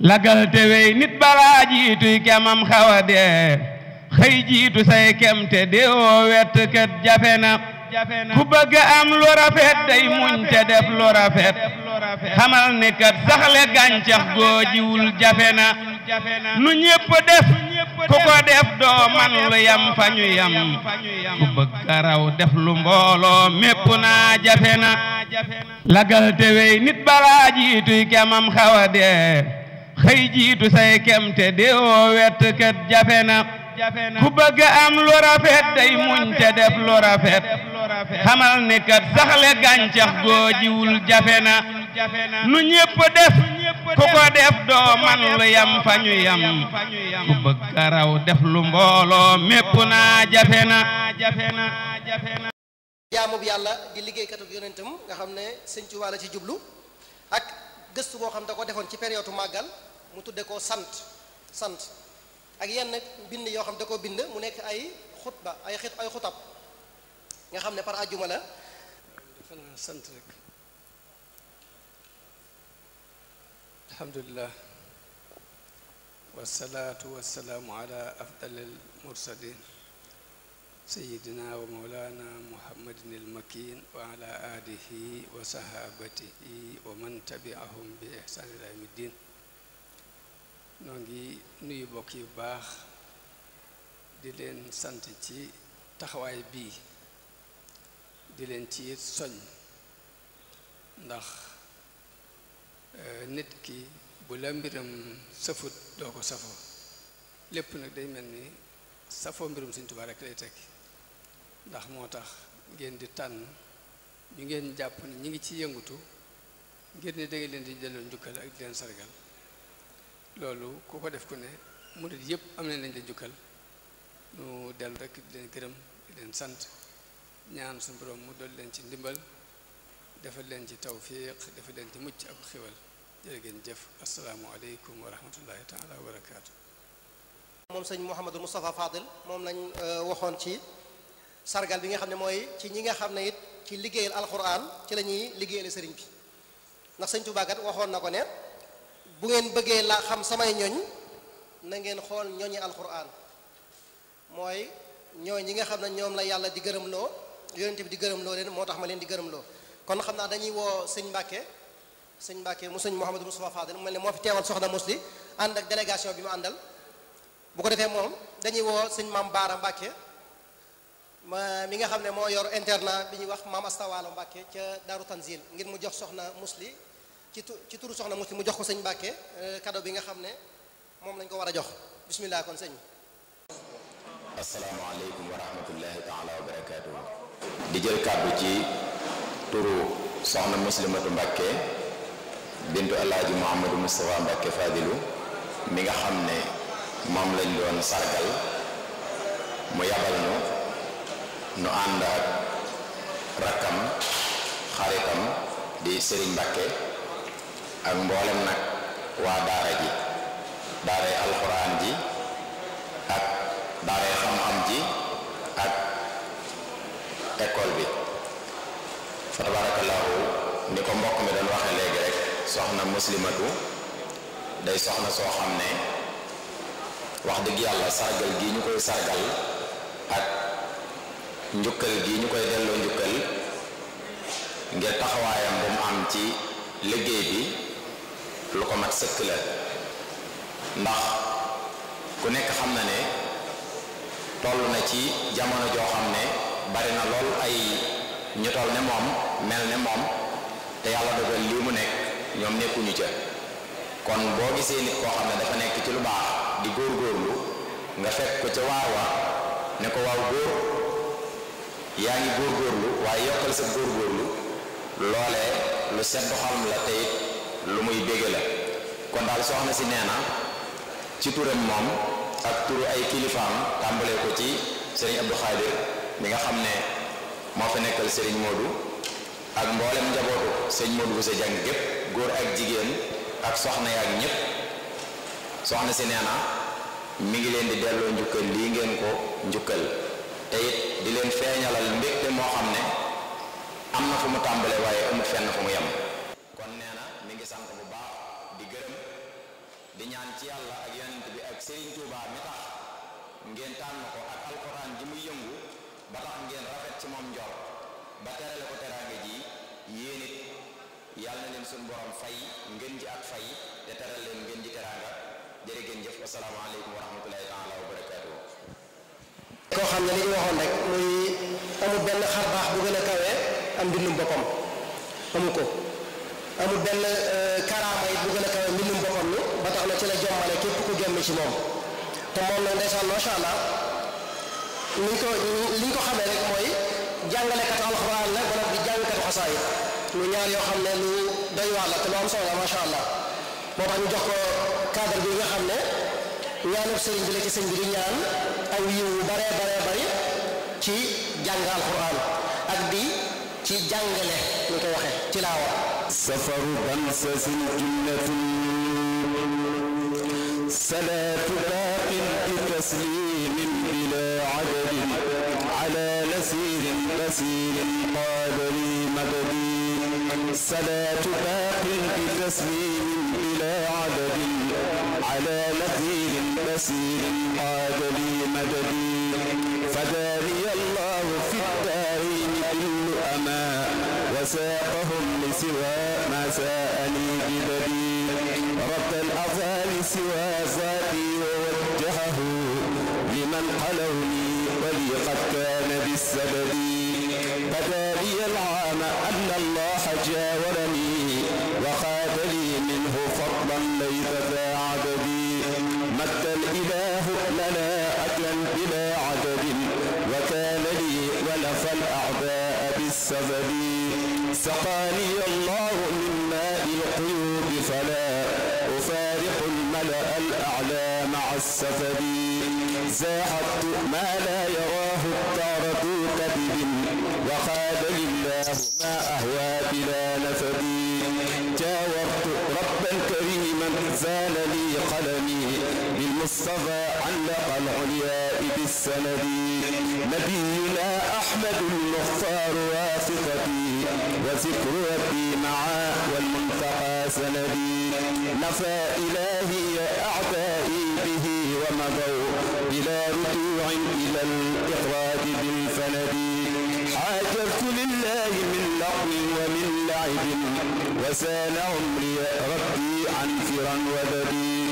lagal te wey nit balaa jiituy kemam xaw a dee xëy jiitu say kem te deewoo wett kat jafe na ku bëgg am lu rafet day muñ def lu rafet xamal ne kat saxle gàncax goo jiwul jafe na nu ñépp def ku ko def doo man lu yam fa ñu yam ku bëgg a raw def lu mbooloo mépp naa jafe na lagal wey nit balaa jiituy kemam xaw a xëy jiitu say kem te deewoo wett kat jafe na ku bëgg am lu rafet day muñ te def lu rafet xamal ne kat saxle gàncax goo jiwul jafe na nu ñépp def ku ko def doo man lu yam fa ñu yam ku bëgg a raw def lu mbooloo mépp naa jafe na jaamub yàlla di liggéeykatub yonentam nga xam ne sëñ Tuubaa ci jublu ak gëstu boo xam da ko defoon ci période màggal mu tudde koo sant sant ak yenn bind yoo xam da koo bind mu nekk ay xutba nga xam ne par ajjuma la xanaa sant rek alhamdulilah wasalaatu wasalaamu ala afdal almursalin sayidina wa mawlana muhammadin wa ala alihi wa sahabatihi wa man tabiahum bi ihsan ila yawmi ddin noo ngi nuyu bokk yu baax di leen sant ci taxawaay bii di leen ci soñ ndax eh, nit ki bu la mbiram safut doo ko safo lépp nag day mel ni safoo mbirum Sëñ Tuubaa rek lay tekki ndax moo tax ngeen di tànn ñu ngeen jàpp ni ñi ngi ci yëngutu ngir ne da leen di delloo njukkal ak di leen sargal loolu ku ko def ko ne murit yëpp am nañ lañ la jukkal nu del rek di leen gërëm di leen sant ñaan suñu borom mu dool leen ci ndimbal defal leen ci tawfiq defal leen ci mucc ak xiwal jërë ngeen jëf asalaamualeykum wa rahmatullahi taala barakaatu. moom sëñ Mouhamadou Moustapha Fadil moom lañ euh, waxoon ci sargal bi nga xam ne mooy ci ñi nga xam ne it ci liggéeyal alquran ci la ñuy liggéeyal sëriñ bi ndax sëñ Tuubaa kat waxoon na ko ne. bu ngeen bëggee laa xam samay ñoñ na ngeen xool ñoñi alquran mooy ñooñ ñi nga xam ne ñoom la yàlla di gërëmloo yonent bi di gërëmloo leen moo tax ma leen di gërëmloo kon xam naa dañuy woo sëñ Mbàkke sëñ Mbàkke mu sëñ Mouhamadou Moustapha Fadel mu mel ne moo fi teewal soxna Musli ànd ak délégation bi mu àndal bu ko defee moom dañuy woo sëñ maam Baara Mbàkke ma mi nga xam ne moo yor internat bi ñuy wax maam Astawaalo Mbàkke ca Daaru Tanzil ngir mu jox soxna Musli ci ci turu soxna mu mu jox ko sëñ Mbàkke euh, cadeau bi nga xam ne moom lañ ko war a jox bismillah kon sëñ bi asalaamaaleykum wa di jël ci turu soxna muslimatu Mbàkke bintu nga xam ne lañ doon sargal mu yabal ñu nu ànd ak rakkam xaritam di Serigne Mbàkke ak mboolem nag waa daara ji daaray alxuraan ji ak daaray xam-xam ji ak école bi fa tabarakallahu ni ko mbokk mi doon waxe léegi rek soxna muslimatu day soxna soo xam ne wax dëgg yàlla sargal gi ñu koy sargal ak njukkal gi ñu koy delloo njukkal ngir taxawaayam bu mu am ci liggéey bi lu ko mat sëkk la ndax ku nekk xam na ne toll na ci jamono joo xam ne bari na lool ay ñu toll ne moom mel ne moom te yàlla dogal lii mu nekk ñoom nekkuñu ca kon boo gisee nit koo xam ne dafa nekk ci lu baax di góorgóorlu nga fekk ko ca waar ne ko waaw góor yaa ngi góorgóorlu waaye yokkal sa góorgóorlu loolee lu sedd xolm la tey lu muy bége la kon daal soxna si nee na ci turam moom ak turu ay kilifaam tàmbalee ko ci sëriñ Abdou Khadir mi nga xam ne moo fa nekkal sëriñ Modou ak mboolem njabootu sëñ Modou bu sa jàng gépp góor ak jigéen ak soxna yaak ñëpp soxna si nee mi ngi leen di delloo njukkal lii ngeen ko njukkal te di leen feeñalal mbégte moo xam ne am na fu mu tàmbalee waaye amul fenn fu mu yem ci yàlla ak yonent bi ak Serigne Touba mi tax ngeen tànn ko ak alquran ji muy yëngu ba tax ngeen rafet ci moom njor ba terale ko teraanga ji yéen it yàlla na leen suñu borom fay ngeen ji ak fay te teral leen ngeen ji teraanga jërë ngeen jëf asalaamaaleykum wa rahmatulahi taala wa koo xam ne li ñu waxoon rek muy amul benn xar baax bu gën a kawee am bindum boppam amu ko amul benn euh, karaama it bu gën a kawee mbindum xam ne ci la jommale képp ku génn ci moom te moom nag ndeysaan macha allah ni ko li ko xam rek mooy jàngalekat lu ñaar yoo xam ne lu dañ waar la te lu am solo la macha allah moo tax ñu jox ko cadre bi nga xam ne ñaanub sëriñ bi la ci sëñ bi di ñaan aw yu baree baree bari ci jàng alxuraan ak bi ci jàngale ñu ko waxee ci laawa safaru صلاة باق بتسليم بلا عدد على نسير بسير قادر مدد صلاة باق بتسليم بلا عدد على نسير بسير قادر مدد فداري الله في الدارين كل أما وساقهم لسوى ما ساءني ببدي سوى ذاتي ووجهه لمن خلوني ولي قد كان بالسبب بدا لي العام أن الله جاورني وخاد لي منه فضلا ليس ذا عددي مد الإله لنا أجلا بلا عدد وكان لي ولف الأعداء بالسبب سقاني السفر زاحت ما لا يراه الدار كتب وقال لله ما أهوى بلا نفد جاورت ربا كريما زال لي قلمي بالمصطفى علق العلياء بالسند نبينا أحمد المختار واثقتي وذكر ربي معاه والمنتقى سندي نفى إلهي مثل الإخراج بالفند عاجبت لله من لقو ومن لعب وسال عمري ربي عن فرا وددي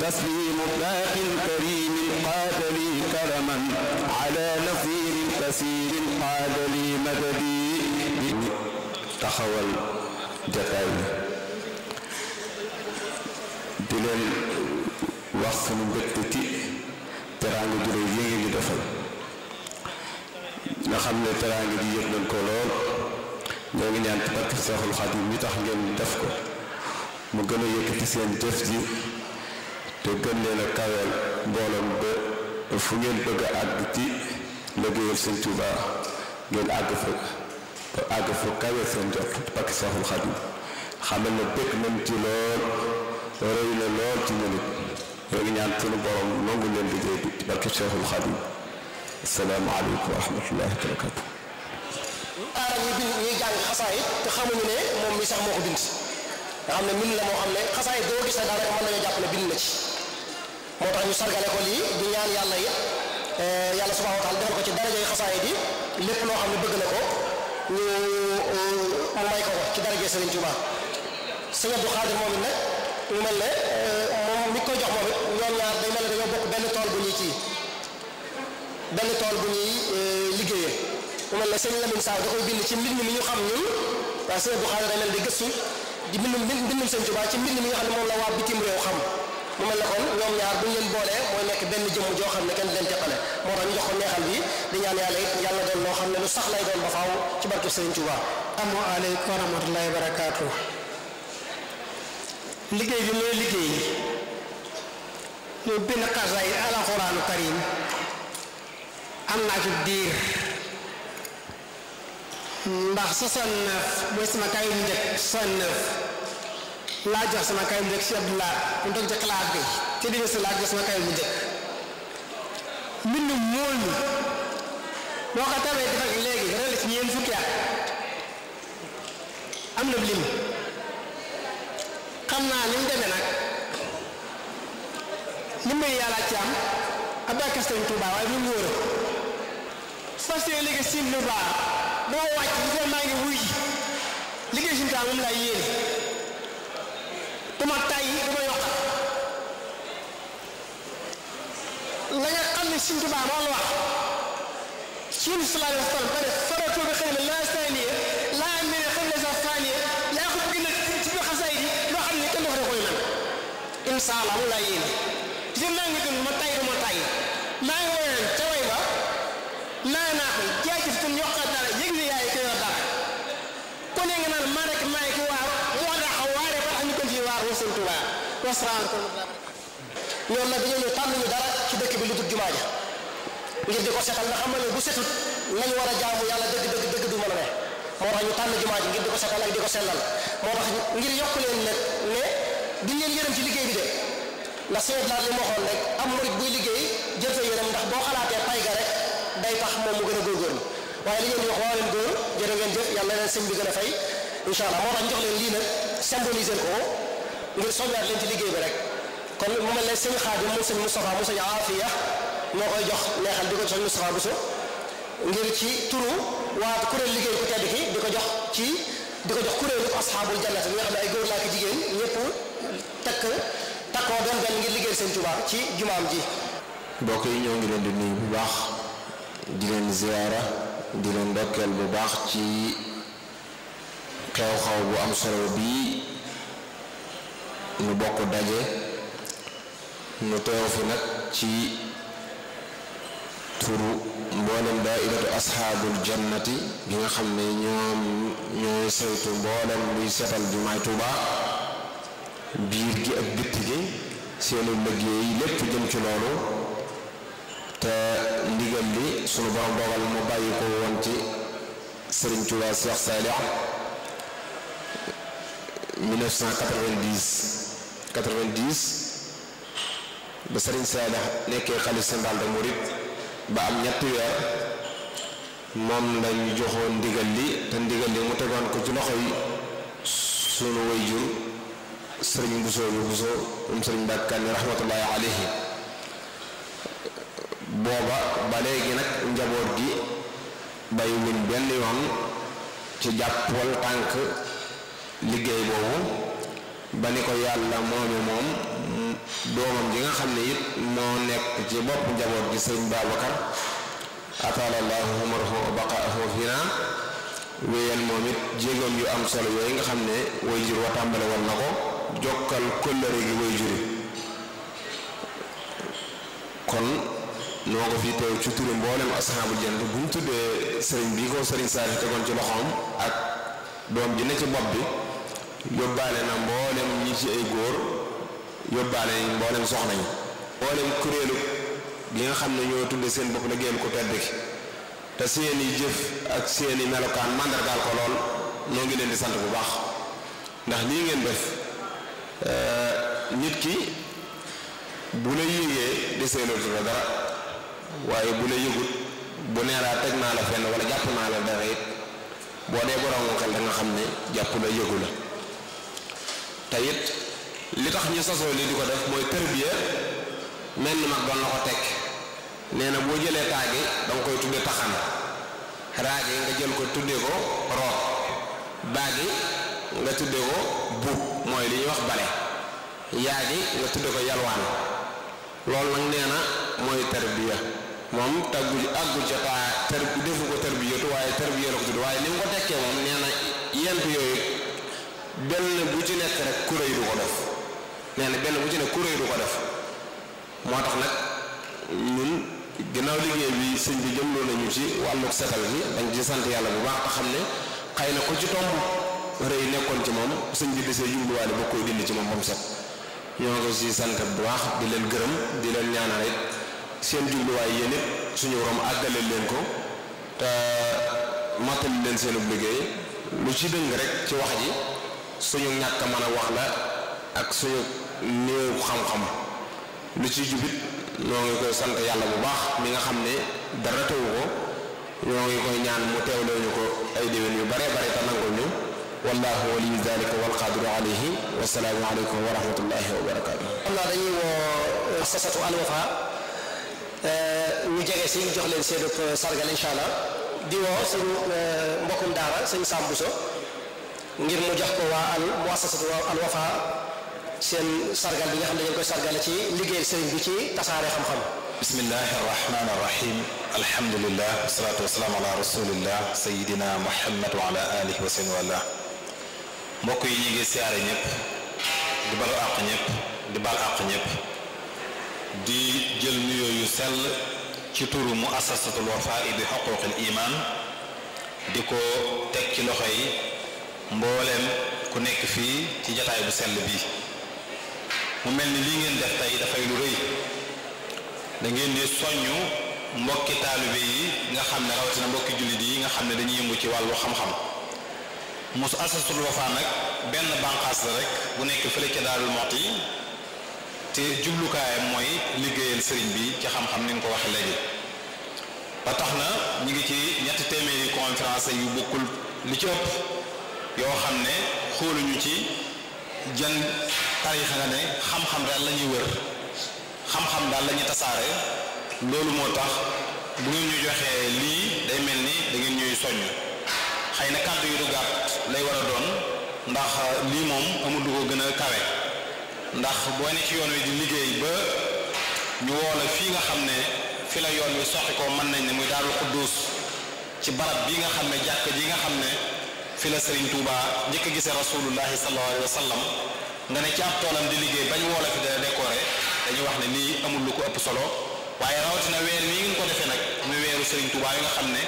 تسليم باق كريم قاد لي كرما على نصير كثير قاد لي مددي taxawal jataay bi di leen wax sunu mbégte ci teraanga jure yi ngeen di xam ne teraanga ji yëg nañ ko lool ñoo ngi ñaan barke Seexul Xadim mi tax ngeen def ko mu gën a yëkkati seen jëf ji te gën leen a kaweel mbooloom ba fu ngeen bëgg a àgg ci liggéeyal Sëñ Tuuba ngeen àgg fa ba àgg fa kaweel seen jot barke Seexul Xadim xamal na bëgg nañ ci lool rëy ne lool ci ñun it ñoo ngi ñaan sunu borom nangu leen liggéey bi barke Seexul Xadim asalaamaaleykum wa rahmatullahi wa barakaatu. aarab yi bind ñuy jàng xasaayit te xamuñu ne moom mi sax moo ko bind nga xam ne mbind la moo xam ne xasaayit doo gis ne daanaka mën nañoo jàpp ne bind na ci moo tax ñu sargale ko lii di ñaan yàlla it eh, yàlla subhanahu wa taala defal ko ci daraja yi xasaayit yi lépp loo xam ne bëgg na ko ñu mu may ko ko ci daraja Serigne Touba sëñ Abdou Khadir moom it nag ñu mel ne eh, moom mi koy jox moom it ñoom ñaar day mel ne dañoo bokk benn tool bu ñuy kii. benn tool bu ñuy euh, liggéeyee mu mel ne sëñ Lamine Saaw da koy bind ci mbind mi ñu xam ñun waa sëñ Abdou Khadre leen di gëstu di bindum bindum sëñ Tuubaa ci mbind mi nga xam ne moom la waa bitim réew xam mu mel ne kon ñoom ñaar bu ñu leen boolee mooy nekk benn jëmm joo xam ne kenn leen teqale moo tax ñu jox ko neexal bi di ñaan yàlla it yàlla doon loo xam ne lu sax lay doon ba faaw ci barkeb sëñ Tuubaa asalaamu aleykum wa rahmatullaahi wa barakaatu liggéey bi mooy liggéey ñu bind xasaay alxuraanu am naa ci diir ndax 69 mooy sama kayu njëkk 69 laa jox sama kayu njëkk si Abdoulaye mu toog ci classe bi ci biir si laa jox sama kayu njëkk mbind mool mi boo ko tawee def ak léegi ren la ci ñeent fukki at am na lim xam naa li mu demee nag li muy yàlla ci am ab daa kastañ Tuubaa waaye mu wóor station liggéey sim lu baax dama wàcc bu fekk maa ngi wuy liggéey sim taal moom laa yéene dama tay dama yokk la nga xam ne sim tubaab moo la wax suñu sallallahu alayhi wa sallam ba ne faratu bi xëy na laa saaniye laa mene xëy na sax saaniye yaa ko bëgg na ci biir xasaay yi loo xam ne kenn dafa koy man incha allah moom laa yéene jël naa ngi dund ma tay dama tay kum yokkat dara yëg ni yaay ko yor dara ku ne nga naan maa rek maay ki waaru moo dàq waare ba tax ñu ko ci waar wu sëñ Tuubaa wasalaam ko ñoom nag tànn ñu dara ci dëkk bi lu dul jumaa ja ngir di ko setal nga xam bu setut nañ war a jaamu yàlla dëgg dëgg dëgg du a ne moo tax ñu tànn jumaa di ko setal ak di ko sellal moo tax ngir yokk leen nag ne duñ leen yërëm ci liggéey bi de ndax seen laat ma waxoon rek am murit buy liggéey jël sa yërëm ndax boo xalaatee pay ga day tax moom mu gën a góorgóorlu waaye li ngeen di wax waa leen góor jërë na leen bi gën a fay incha allah moo tax ñu jox leen lii nag symboliser ko leen ci liggéey bi rek kon mu mel ne sëñ Xaadim mu sëñ Moustapha mu sëñ Afiya moo koy jox neexal di ko sëñ Moustapha Bousso ngir ci turu waa kuréel liggéey ku tedd ki di ko jox ci di ko jox kuréelu jannat bi nga xam ne ay góor laa ko jigéen ñëpp takk takkoo doon benn ngir liggéeyal sëñ Tuubaa ci jumaam ji. mbokk yi ñoo ngi leen di nuyu bu baax di leen ziyaara. di leen ndokkeel bu baax ci xew-xew bu am solo bii ñu bokk daje ñu teew fi nag ci turu mboolem daairatu asxaabul jannati bi nga xam ne ñoom ñooy saytu mboolem luy setal jumaay Tuuba biir gi ak bitti gi seenu liggéey lépp jëm ci loolu te ndigal li sunu borom dogal mu bàyyi ko woon ci Serigne Touba Cheikh Saliou 1990 90 ba Serigne Saliou nekkee xalif général des mourides ba am ñetti weer moom lañu joxoon ndigal li te ndigal li mu tegoon ko ci loxo yi sunu wayjur Serigne Bousso Bousso um Serigne Mbacke Kane rahmatullahi alayhi booba ba léegi nag njaboot gi bayu wuñ benn yoon ci jàppal tànk liggéey boobu ba ni ko yàlla moomi moom doomam ji nga xam ne it moo nekk ci bopp njaboot gi sëñ Babacar ataalallahu umarhu wa baqaahu fina wéyal moom it jéegoom yu am solo yooyu nga xam ne way jur wa tàmbale woon na ko jokkal kóllëre gi way juri kon noo ko fi teew ci turu mboolem asxaabul jannat bu mu tuddee sëriñ bii ko sëriñ saa tegoon ci loxoom ak doom ji ne ci bopp bi yóbbaale na mboolem ñi ci ay góor yóbbaale mboolem soxna yi mboolem kuréelu gi nga xam ne ñoo tuddee seen bopp la génn ko tedd ki te seeni jëf ak seeni melokaan màndargaal ko lool noo ngi leen di sant bu baax ndax lii ngeen def eh, nit ki bu la yéegee deseelootu la dara waaye bu la yëgut bu neeraa teg naa la fenn wala jàpp naa la dara boo dee boroomu xel da nga xam ne jàpp la yëgu la te li tax ñu sasoo li di ko def mooy tërbiya mel ni mag doon la ko teg nee na boo jëlee taagi da nga koy tudde taxan raagi nga jël ko tudde ko root baagi nga tudde ko buub mooy li wax bale yaagi nga tudde ko yalwaan loolu nag nee na mooy tarbiya moom tàggu àggu ca taa ter defu ko tarbiyatu waaye tarbiya la ko tudd waaye ni mu ko tekkee moom nee na yent yooyu benn bu ci nekk rek kuréy du ko def nee na benn bu ci nekk kuréy du ko def moo tax nag ñun ginnaaw liggéey bi sëñ bi jëmloo nañu ci wàllu setal bi dañ ci sant yàlla bu baax xam ne xëy na ko ci tomb rëy nekkoon ci moom sëñ bi desee jubluwaale ba koy dindi ci moom moom set ñoo ngi si sant bu baax di leen gërëm di leen ñaana it seen jubluwaay yéen it suñu borom àggale leen ko te matali leen seen liggéey lu ci dëng rek ci wax ji suñu ñàkk mën a wax la ak suñu néew xam-xam lu ci jubit ñoo ngi koy sant yàlla bu baax mi nga xam ne dara tewu ko ñoo ngi koy ñaan mu teewloo ñu ko ay déwén yu bare bare te nangul ñu wallahu waliyu dalika dañuy woo sasatu Al Euh, ñu jege si jox leen seen sargal incha di woo suñu euh, mbokkum daara sëñ Sam ngir mu ko waa al muassasatu al wafa seen sargal bi nga xam ne dañ koy ci liggéey sëriñ bi ci tasaare xam-xam. bismillahi arrahmani arrahim alhamdulillah wasalaatu wasalaam ala rasulillah yi ñu ngi siyaare ñëpp di balu àq ñëpp di di jël nuyoo yu sell ci turu mu assasatul wafaa bi xuquqil iman di ko teg ci loxo yi mbooleem ku nekk fii ci jataay bu sell bii mu mel ni lii ngeen def tey dafay lu rëy da ngeen di soññu mbokki taalibe yi nga xam ne rawatina mbokki jullit yi nga xam ne dañuy yëngu ci wàllu xam-xam mu assasatul wafaa nag benn bànqaas rek bu nekk fële ca Daarul Muxti te jublukaayam mooy liggéeyal sëriñ bi ci xam-xam ni nga ko waxee léegi ba tax na ñu ngi ci ñetti téeméeri conférence yu bokkul lu ci ëpp yoo xam ne xooluñu ci jan tarixa nga ne xam-xam daal la ñuy wër xam-xam daal lañuy tasaare loolu moo tax bu ngeen ñu joxee lii day mel ni da ngeen ñuy soññ xëy na kàddu yu du lay war a doon ndax lii moom amul du ko gën a kawe ndax boo ne ci yoon wi di liggéey ba ñu woo la fii nga xam ne fi la yoon wi soxi ko mën nañ ne muy Daaru Xudduus ci barab bi nga xam ne jàkk ji nga xam ne fi la sëriñ Touba njëkk gisee rasulullahi sallallahu alayhi wa sallam nga ne ci ab toolam di liggéey bañ woo la fi dana décoré dañuy wax ne lii amul lu ko ëpp solo waaye rawatina weer wi nga ko defee nag muy weeru Serigne Touba yi nga xam ne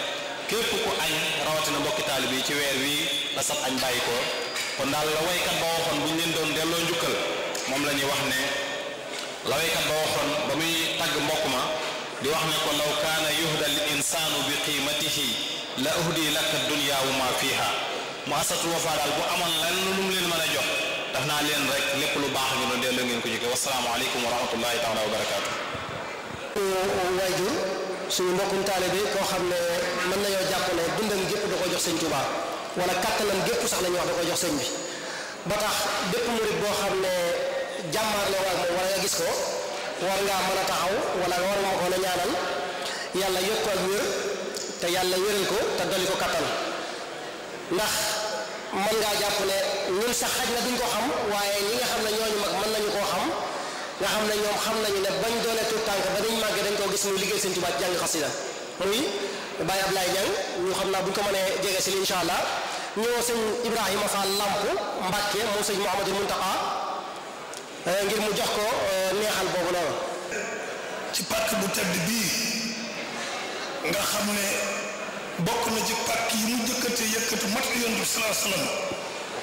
képp ku añ rawatina mbokki taalib yi ci weer wi la sab añ bàyyi ko kon daal la waykat ba waxoon bu ñu leen doon delloo njukkal moom la ñuy wax ne lawaykat ba waxoon ba muy tagg mbokk ma di wax ne ko law kaana yuhda al insaanu bi qiimatihi la uhdi laka dunya wa ma fiha mu asatul wafa daal bu amoon lan lu mu leen mën a jox daf naa leen rek lépp lu baax ngi doon delloo ngeen ko jóge wasalaamaaleykum wa rahmatullahi taala wa barakaatu waajur suñu mbokkum taalibe koo xam ne mën nañoo jàppale ne dundam gépp da ko jox sëñ Tuubaa wala kattanam gépp sax la ñuy wax da ko jox sëñ bi ba tax bépp murit boo xam ne jàmmaarloo ak moom wala nga gis ko war ngaa mën a taxaw wala war nga mën a ñaanal yàlla yokk ak wér te yàlla wéral ko te dolli ko kattan ndax mën ngaa jàpp ne ñun sax xaj na duñ ko xam waaye ñi nga xam ne ñooñu mag mën nañu xam nga xam ne ñoom xam nañu ne bañ doone tuut tànk ba dañ màggee dañ koo gis muy liggéey seen tubaab jàng xasida muy Baye Ablaye Niang ñu xam naa buñ ko mënee jege si li allah ñoo sëñ Ibrahima Fall Lamp Mbàkke moom sëñ Mouhamadou Mountakha Euh, ngir mu jox ko euh, neexal boobu noonu. ci pàkk bu tedd bii nga xam ne bokk na ci pàkk yi mu jëkkate yëkkati matu yonent bi salaa salaam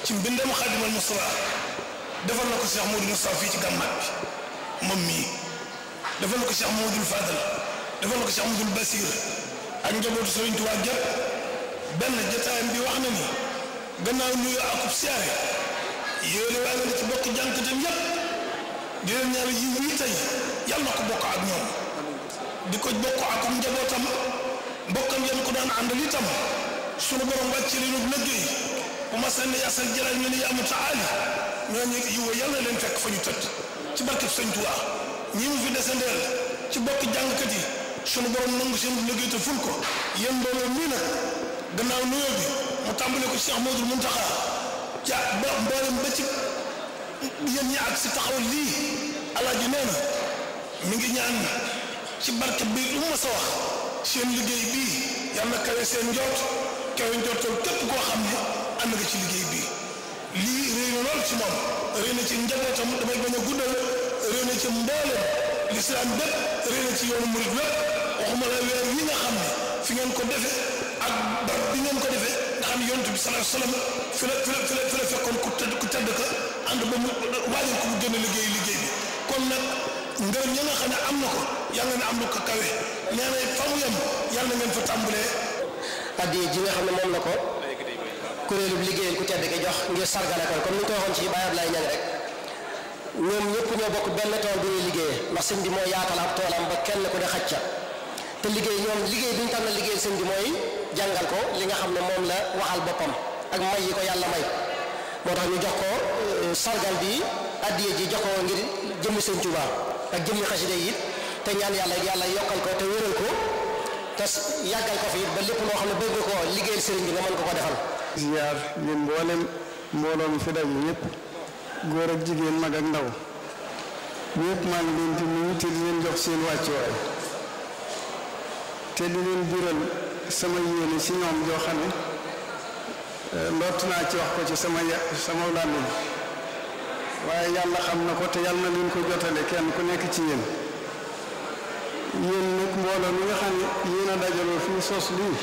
ci mbindam xadimal Mustafa defal na ko Cheikh Modou Moustapha fii ci gàmmaat bi moom mii defal na ko si Modou Fadal defal na ko Cheikh Modou Basir ak njabootu Sëriñ Tuubaa benn jotaayam bi wax na ni gannaaw nuyu akub siyaare yéen a waa ci bokk jànkatam yëpp. di leen yàlla yiw wi tey yàlla na ko bokk ak ñoom di ko bokk ak am njabootam mbokkam yéen ko daan àndal itam sunu borom wàcce li ñu liggéey bu ma sànni yasal jëlaat ñu ne yaa mu taali ñooñu yiw yàlla leen fekk fa ñu tëdd ci barkeb Sëñ Tuubaa ñi mu fi desendeel ci bokk jàngkat yi sunu borom nangu seen liggéey te ful ko yéen mbooloo mii nag gannaaw nuyoo bi mu tàmbale ko Cheikh Modou Mountakha ja ba mboolem ba ci. yéen ñi ak si taxawal lii alaaji nee na mi ngi ñaan ci barke bi lu ma sa wax seen liggéey bii yal na kawe seen njoot kawe njootal ko koo xam ne am nga ci liggéey bii lii réy na ci moom réy na ci njabootam damay bañ a guddal réy na ci mboolem lislaam bépp réy na ci yoonu murit wépp waxuma la weer yi nga xam ne fi ngeen ko defe ak barab bi ngeen ko defe maanaam yonent bi sallallahu alayhi wa sallam fi la fi la fi la fi la fekkoon ku tedd ku tedd ka ànd ba mu waajal ko mu gën liggéey liggéey kon nag ngërëm nga xam ne am na ko yàlla na am lu ko kawe nee na fa mu yem yàlla ngeen fa tàmbalee. addiya ji nga xam ne moom na ko kuréelub liggéeyal ku tedd ki jox ngir sargale ko comme ni ñu ko waxoon ci Baye Ablaye rek ñoom ñëpp ñoo bokk benn tool bu ñuy liggéeyee ndax sëñ bi moo yaatal ab toolam ba kenn ku ne xaj te liggéey liggéey bi ñu tànn liggéey sëñ bi mooy jàngal ko li nga xam ne moom la waxal boppam ak may yi ko yàlla may moo tax ñu jox ko euh, sargal bi addiye ji jox ko ngir jëmmi sëñ Tuuba ak jëmmi xasida yi te ñaan yàlla yàlla yokkal ko te wéral te yàggal ko fi ba lépp loo xam ne bëgg ko liggéeyal sëriñ bi nga mën ko ko defal. ziar yi mboolem mbooloo mi fi daje ñëpp góor ak jigéen mag ak ndaw ñëpp maa ngi leen di nuyu te leen jox seen wàccuwaay. te di leen biral sama yéene ci ñoom joo xam ne ndott eh, naa ci wax ko ci sama sama làmmiñ waaye yàlla xam na ko te yàlla na leen ko jotale kenn ku nekk ci yéen yéen nag mbooloo mi nga xam ne yéen a dajaloo fii sos lii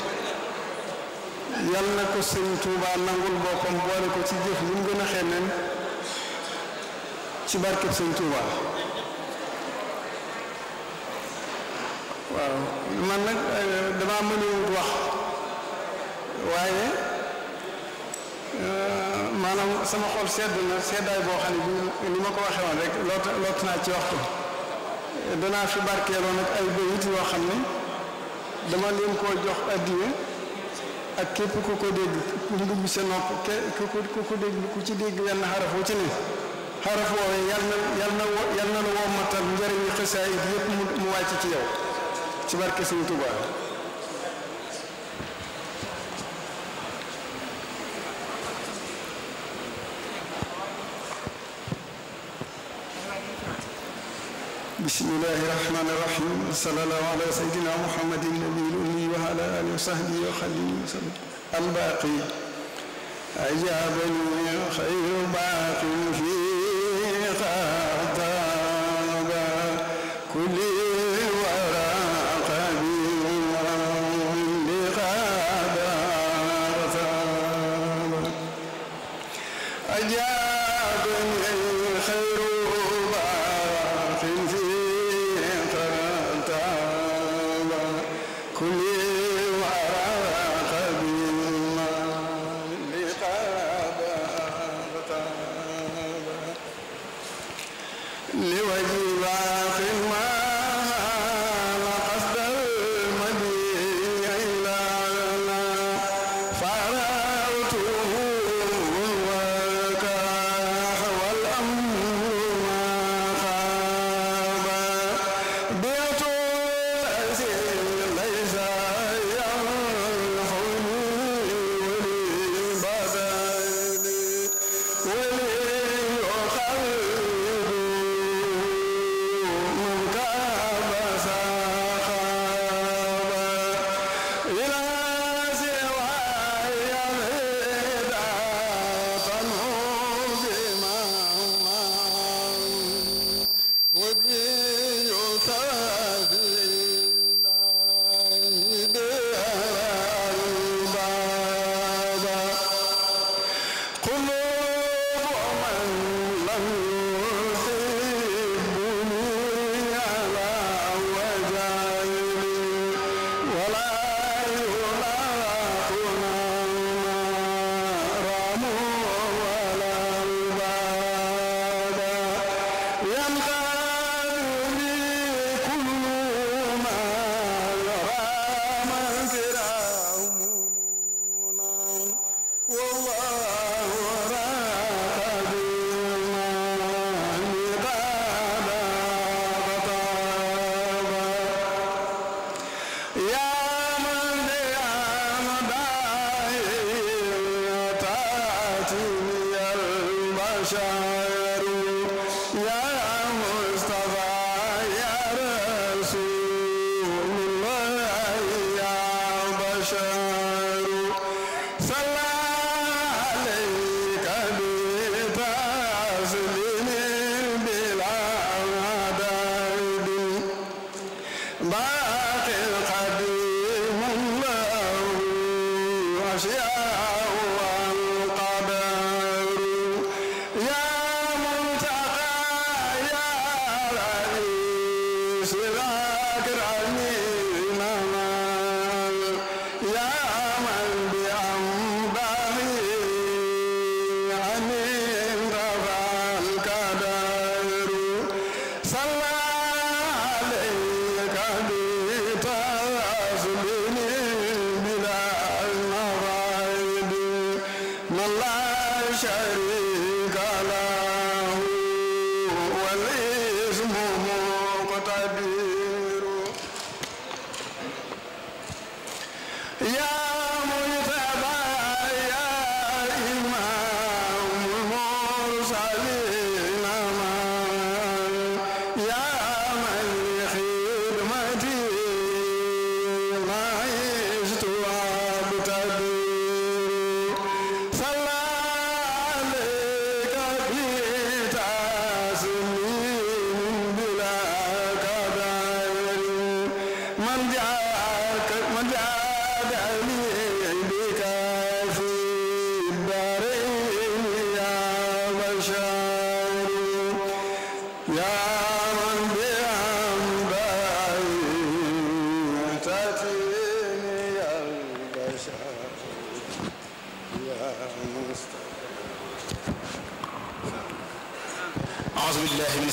yàlla na ko sëñ Touba nangul boppam boole ko ci jëf yi mu gën a xemmem ci barkeb sëñ Touba. waaw man nag euh, damaa mënuwut wax waaye euh, maanaam sama xol sedd na seddaay boo xam ne ni ma ko waxee woon rek lot lot naa ci waxtu danaa ay bayit yoo xam ne dama leen koo jox addiye ak képp ku ko dégg ku dugg sa nopp ci dégg wenn xaraf wu ci ne xaraf woowee yal na yal na na la wommatal njëriñu xasaayid yépp mu wàcc ci yow ci barke Sëñ Touba bismillahi rahmani rahim sallallahu ala sayyidina muhammadin nabiyil ummi wa ala alihi wa sahbihi wa xalili wa sallam albaqi ajabani xayru baqin fi أجابني الخير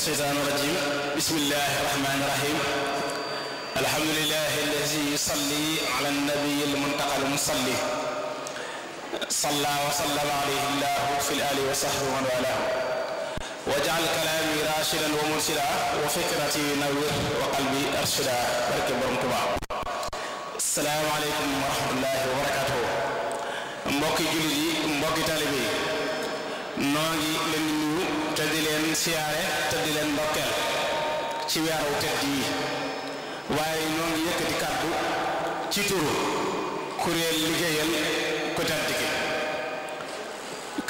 الشيطان الرجيم بسم الله الرحمن الرحيم الحمد لله الذي يصلي على النبي المنتقى المصلي صلى وسلم عليه الله في الآل وصحبه ومن والاه واجعل كلامي راشدا ومرشدا وفكرتي نور وقلبي أرشدا بارك برم تبع السلام عليكم ورحمة الله وبركاته mbokki jullit yi mbokki talibe yi noo ngi leen te di leen siyaare te di leen ndokkeel ci weeru tedd yi waaye ñoo ngi yëkkati kàddu ci turu kuréel liggéeyal ku tedd gi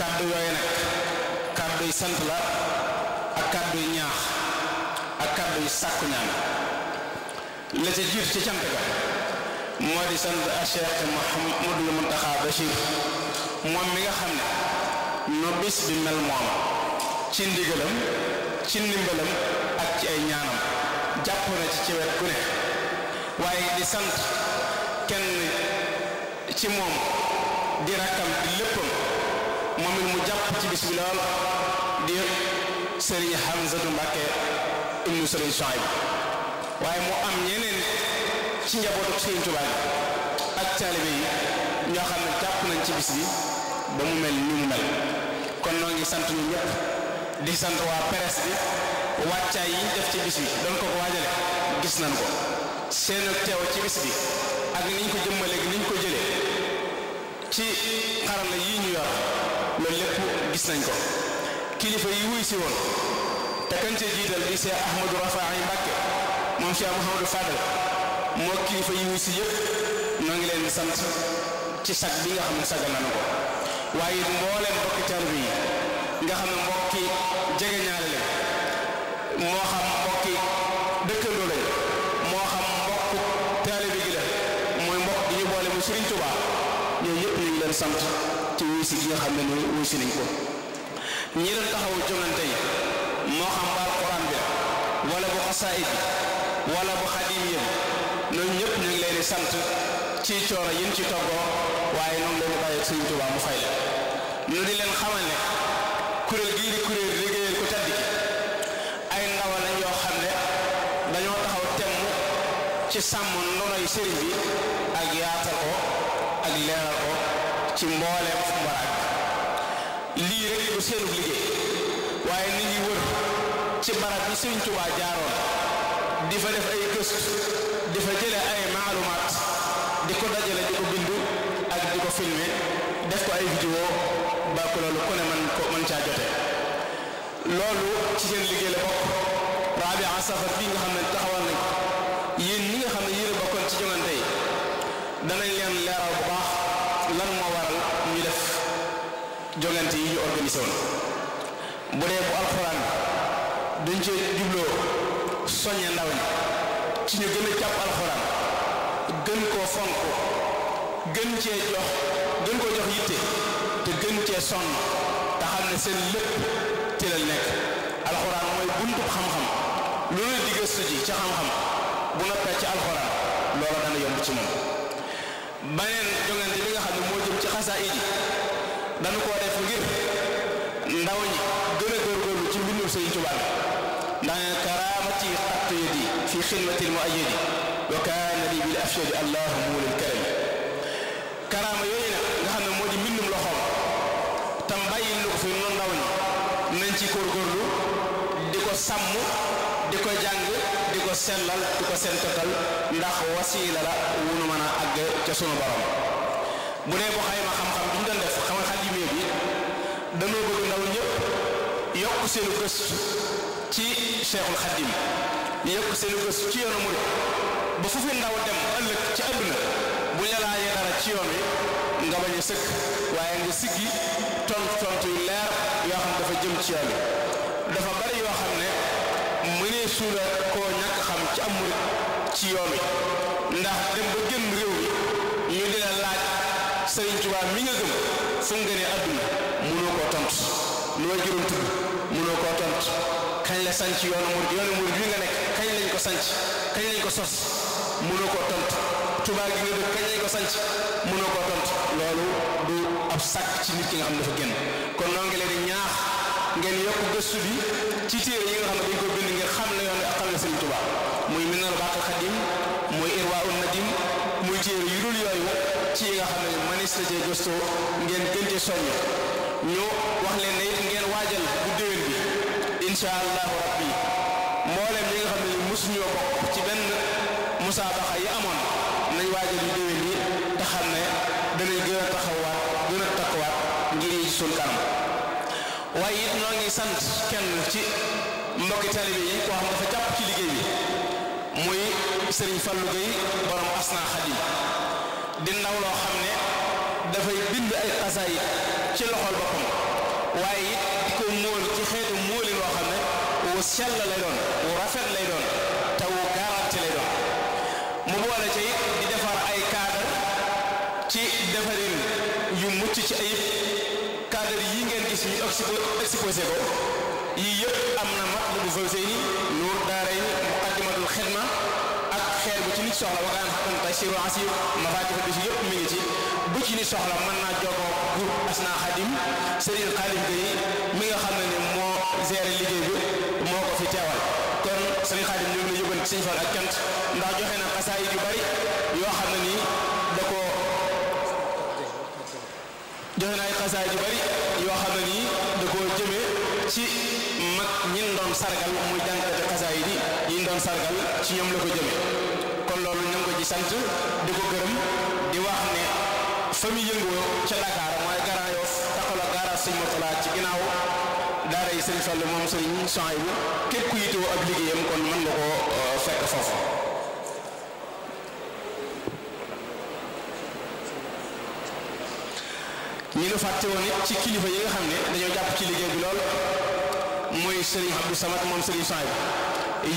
kàddu yooyu nag kàddu sant la ak kàddu yi ñaax ak kàddu yi sàkku ñaan la ci cant ga moo di sant a Cheikh Mouhamadul Muntaxa Bachir moom mi nga xam ne nu bi mel moom ci ndigalam ci ndimbalam ak ci ay ñaanam jàpp na ci ci wet gu ne waaye di sant kenn ci moom di rakkam di léppam moom it mu jàpp ci bis bi lool di sëriñ Hamzatu Mbàkke ibnu sëriñ Suhayb waaye mu am ñeneen ci njabootu sëriñ Tuubaa bi ak taalibe yi ñoo xam ne jàpp nañ ci bis bi ba mu mel ni mu mel kon noo ngi sant ñu ñëpp di sant waa presse bi wàccaay yi def ci bis bi doon ko ko waajale gis nañ ko seen teew ci bis bi ak niñ ko jëmmale ak niñ ko jëlee ci xarala yi ñu yor loolu lépp gis nañ ko kilifa yi wuy si woon te kan ci jiital di Cheikh Ahmadou Rafahi Mbacké moom Cheikh Mouhamadou Fadal moo kilifa yi wuy si yëpp noo ngi leen sant ci sag bi nga xam ne sagal nañu ko waaye it mbooleem bokk taalibe yi nga xam ne mbokki jege ñaale la moo xam mbokki dëkkandoo lañ moo xam mbokku taalibe gi mooy mbokk ñu boole mu Serigne Touba ñooñu ñëpp ñu ngi leen sant ci wuy si nga xam ne ni wuy nañ ko ñi doon taxawu jongante yi moo xam ba alquran bi wala bu ñëpp ñu ngi leen sant ci coono yin ci toggoo waaye noonu la ñu bàyyi Serigne mu fay la ñu di leen xamal ne kuréel gii kuréel liggéeyal ku tedd ki ay ndaw lañ yoo xam ne dañoo taxaw temm ci sàmm ndonoy sëriñ bi ak yaatal ko ak leeral ko ci mbooleem fu lii rek du seenu liggéey waaye ni ngi wër ci barab yi Sëriñ Tuubaa jaaroon di fa def ay gëstu di fa jële ay maalumaat di ko dajale di ko bindu ak di ko filmer def ko ay vidéo ba ko loolu ku ne man ko mën caa jote loolu ci seen liggéey la bokk Rabia Safar bii nga xam ne taxawal nañ yéen ñi nga xam ne yéen a bokkoon ci joŋante yi danañ leen leeral bu baax lan moo waral ñu def joŋante yi ñu organisé woon bu dee bu alxuraan dañ cee jubloo soññe ndaw ci ñu gën a jàpp alxuraan gën koo fonk gën cee jox gën koo jox yitte te gën cee sonn te xam ne seen lépp ci la nekk alxuraan mooy buntu xam-xam lu la di gëstu ji ci xam-xam bu noppee ci alxuraan loola dana yomb ci moom baneen jongante bi nga xam ne moo jëm ci xasaa yi dañu koo def ngir ndaw ñi gën a góorgóorlu ci mbindum Sëriñ Tuubaa ndax ne karaamati xattu yadi fi xidmatil muayyadi wa kaana li bil afshadi allahu muulil karim sàmm di ko jàng di ko sellal di ko sentetal ndax wasiila la wu nu mën a àgg ca sunu borom bu dee bu xayma xam-xam bi ñu doon def xam nga xajimee bi dañoo ci Cheikhul Xadim ñu yokk seenu gëstu ci yoonu murid ba fu fi ndaw dem ëllëg ci àdduna bu ñu laajee dara ci yoon bi nga bañ a sëkk waaye nga siggi tontu tontu yu leer yoo xam dafa jëm ci yoon wi loo xam ne mënee suula koo ñàkk xam ci am murit ci yoon wi ndax dem ba génn réew mi ñu dina laaj Sëriñ Tuubaa mi nga gëm fu mu gënee àdduna mënoo koo tontu lu way juróom tudd mënoo koo tontu la nekk kañ ko sanc kañ ko sos mënoo koo tontu Tuubaa gi nga dëkk ko sanc mënoo koo tontu loolu du ab sàkk ci nit ki nga xam dafa génn kon noo ngi leen ñaax ngeen yokk gëstu bi ci téere yi nga xam ne dañ ko bind ngir xam ne yoon ak xam ne Sëriñ Tuubaa muy Minanul Baaqil Qadiim muy Irwaa'un Nadiim muy téere yu dul yooyu ci nga xam ne manis la cee gëstu ngeen gën cee soññu ñu wax leen ne ngeen waajal bu déwén bi incha allahu moo mboolem li nga xam ne mosuñoo bokk ci benn musaabaxa sant kenn ci mbokki taalibe yi koo xam dafa jàpp ci liggéey bi muy sëriñ Fallou Gueye borom Asna Khadim di ndaw loo xam ne dafay bind ay xasaayid ci loxol boppam waaye it di ko móol ci xeetu móolin loo xam ne wu sell lay doon wu rafet lay doon te wu garanti lay doon mu boole ca it di defar ay cadre ci defarin yu mucc ci ayib fii exposé ko da yëpp am na mat bu faw sey ni nuur daaray ni muqaddimatul xidma ak xeer bu ci nit soxla waxaan xaqan tasiru asir mafaatifa bi yëpp mi ngi ci bu ci nit soxla mën naa jokkoo groupe asna xadim sëriñ xaalim gay mi nga xam ne ni moo géré liggéey bi moo ko fi teewal kon sëriñ xaadim ñu ngi la yóbban sëñ Fall ak cant ndax joxe na xasaayid yu bari yoo xam ne nii da ko joxe na ay xasaayid yu bari yoo xam ne nii da ci mag ñin doon sargal muy jànkate xasaayid yi ñin doon sargal ci ñoom la ko jëmee kon loolu ñu ko ji sant di ko gërëm di wax ne fa mu ca Dakar mooy Grand Yoff taxawal garage Sëñ Murtala ci ginnaaw daara yi Sëñ Fallu moom Sëñ Sohaybu képp ku yitewoo ab liggéeyam kon mën nga koo euh, fekk foofu ñu fàtte woon it ci kilifa yi nga xam ne dañoo jàpp ci liggéey bi lool muy Serigne Abdou Samad moom Serigne Sohayb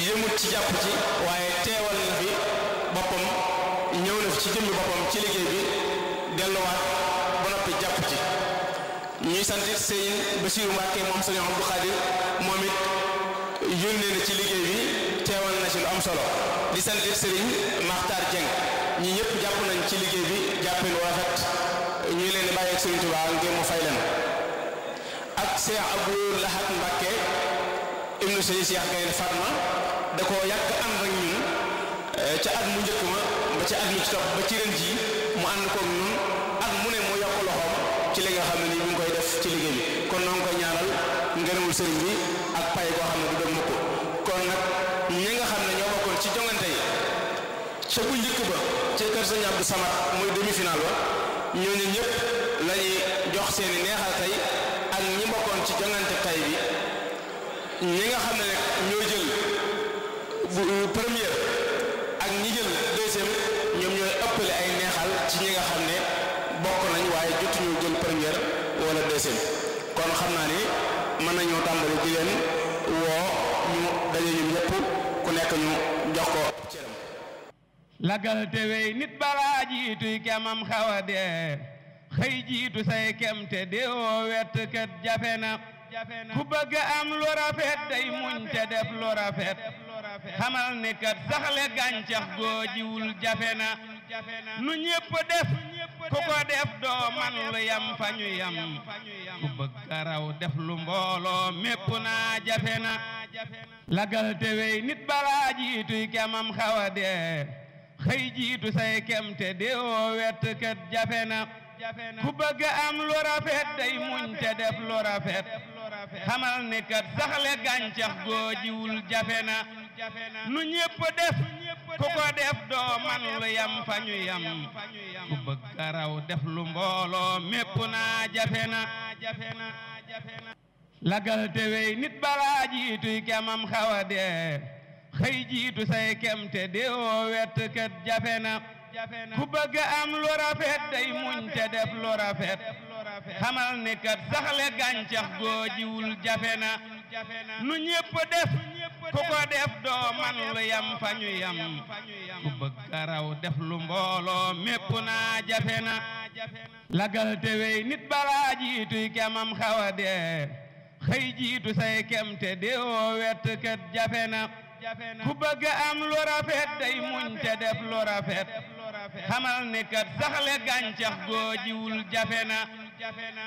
yëmut ci jàpp ci waaye teewal na fi boppam ñëw na fi ci jëmmi boppam ci liggéey bi delluwaat ba noppi jàpp ci ñuy sant it Serigne Bassirou Mbacké moom Serigne it yónnee na ci liggéey bi teewal na ci lu am solo di sant it Serigne Makhtar ñi ñëpp jàpp nañ ci liggéey bi jàppin rafet ñu leen di bàyyi ak Serigne Touba ngir mu fay leen ak Cheikh Abdou Lahad Mbacké ibnu Serigne Cheikh Gaynde da koo yàgg ànd ak ñun eh, ca at mu njëkk ma ba ca at mu ci topp ba mu ne mu yokk loxoom ci li nga xam ne nii mu ngi koy def ci liggéey bi kon noo koy ñaanal ngërëmul sëriñ bi ak pay goo xam ne du doon mukk kon nag ñi nga xam ne ñoo bokkoon ci jongante yi ca bu njëkk ba ca kër Sëriñ Abdou Samad muy demi-finale ba. ñooñu ñëpp la ñuy jox seeni neexal tey ak ñi bokkoon ci jongante tay bi ñi nga xam ne nag ñoo jël euh, première ak ñi jël deuxième ñoom ñooy ëppale ay neexal ci ñi nga xam ne bokk nañ waaye jotuñu jël première wala deuxième kon xam naa ni mën nañoo tàmbali di woo ñu daje ñun ñëpp ku nekk ñu jox ko. lagal te wey nit balaa jiituy kemam xaw a xëy jiitu say kem te deewoo wett kat jafe na ku bëgg am lu rafet day muñ te def lu rafet xamal ne kat saxle gàncax goo jiwul jafe na nu ñépp def ku ko def doo man lu yam fa ñu yam ku bëgg raw def lu mbooloo mépp naa jafe na lagal wey nit balaa jiituy kemam xaw a xëy jiitu say kemte deewoo wett kat jafe na ku bëgg am lu rafet day muñ te def lu rafet xamal ne kat saxle gàncax goo jafe na nu ñépp def ku ko def doo man lu yam fa ñu yam ku bëgg raw def lu mbooloo mépp naa jafe na lagal te wey nit balaa jiituy kemam xawa dee xëy jiitu say kemte de wett kat jafe na ku bëgg am lu rafet day muñ te def lu rafet xamal ne kat saxle gàncax goo jafe na nu ñépp def ku ko def doo man lu yam fa ñu yam ku bëgg a raw def lu mbooloo mépp naa jafe na lagal wey nit balaa jiituy kemam xawa dee xëy jiitu say kemte de wett kat jafe na ku bëgg am lu rafet day muñ te def lu rafet xamal ne kat saxle gàncax goo jafe na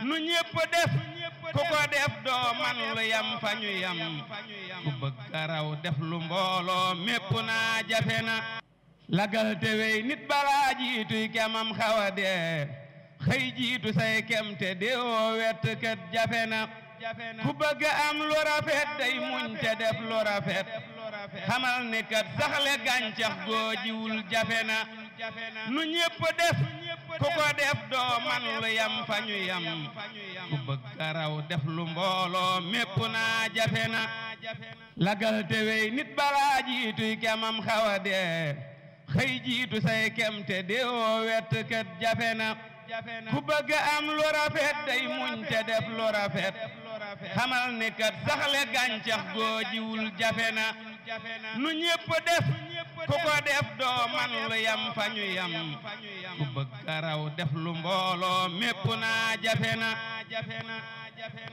nu ñépp def ku ko def doo man lu yam fa ñu yam ku bëgg raw def lu mbooloo mépp naa jafe na lagal wey nit balaa jiituy kemam xaw dee xëy jiitu say kem te deewoo wett kat jafe na ku bëgg am lu rafet day muñ def lu rafet xamal ne kat saxle gàncax goo jiwul jafe na nu ñépp def ku ko def doo man lu yam fa ñu yam ku bëgg a raw def lu mbooloo mépp naa jafe na lagal te wey nit balaa jiituy kemam xaw a dee xëy jiitu say kem deewoo wett kat jafe na ku bëgg am lu rafet day muñ te def lu rafet xamal ne kat saxle gàncax goo jafe na nu ñépp def ku ko def doo man lu yam fa ñu yam ku bëgg a raw def lu mbooloo mépp naa jafe na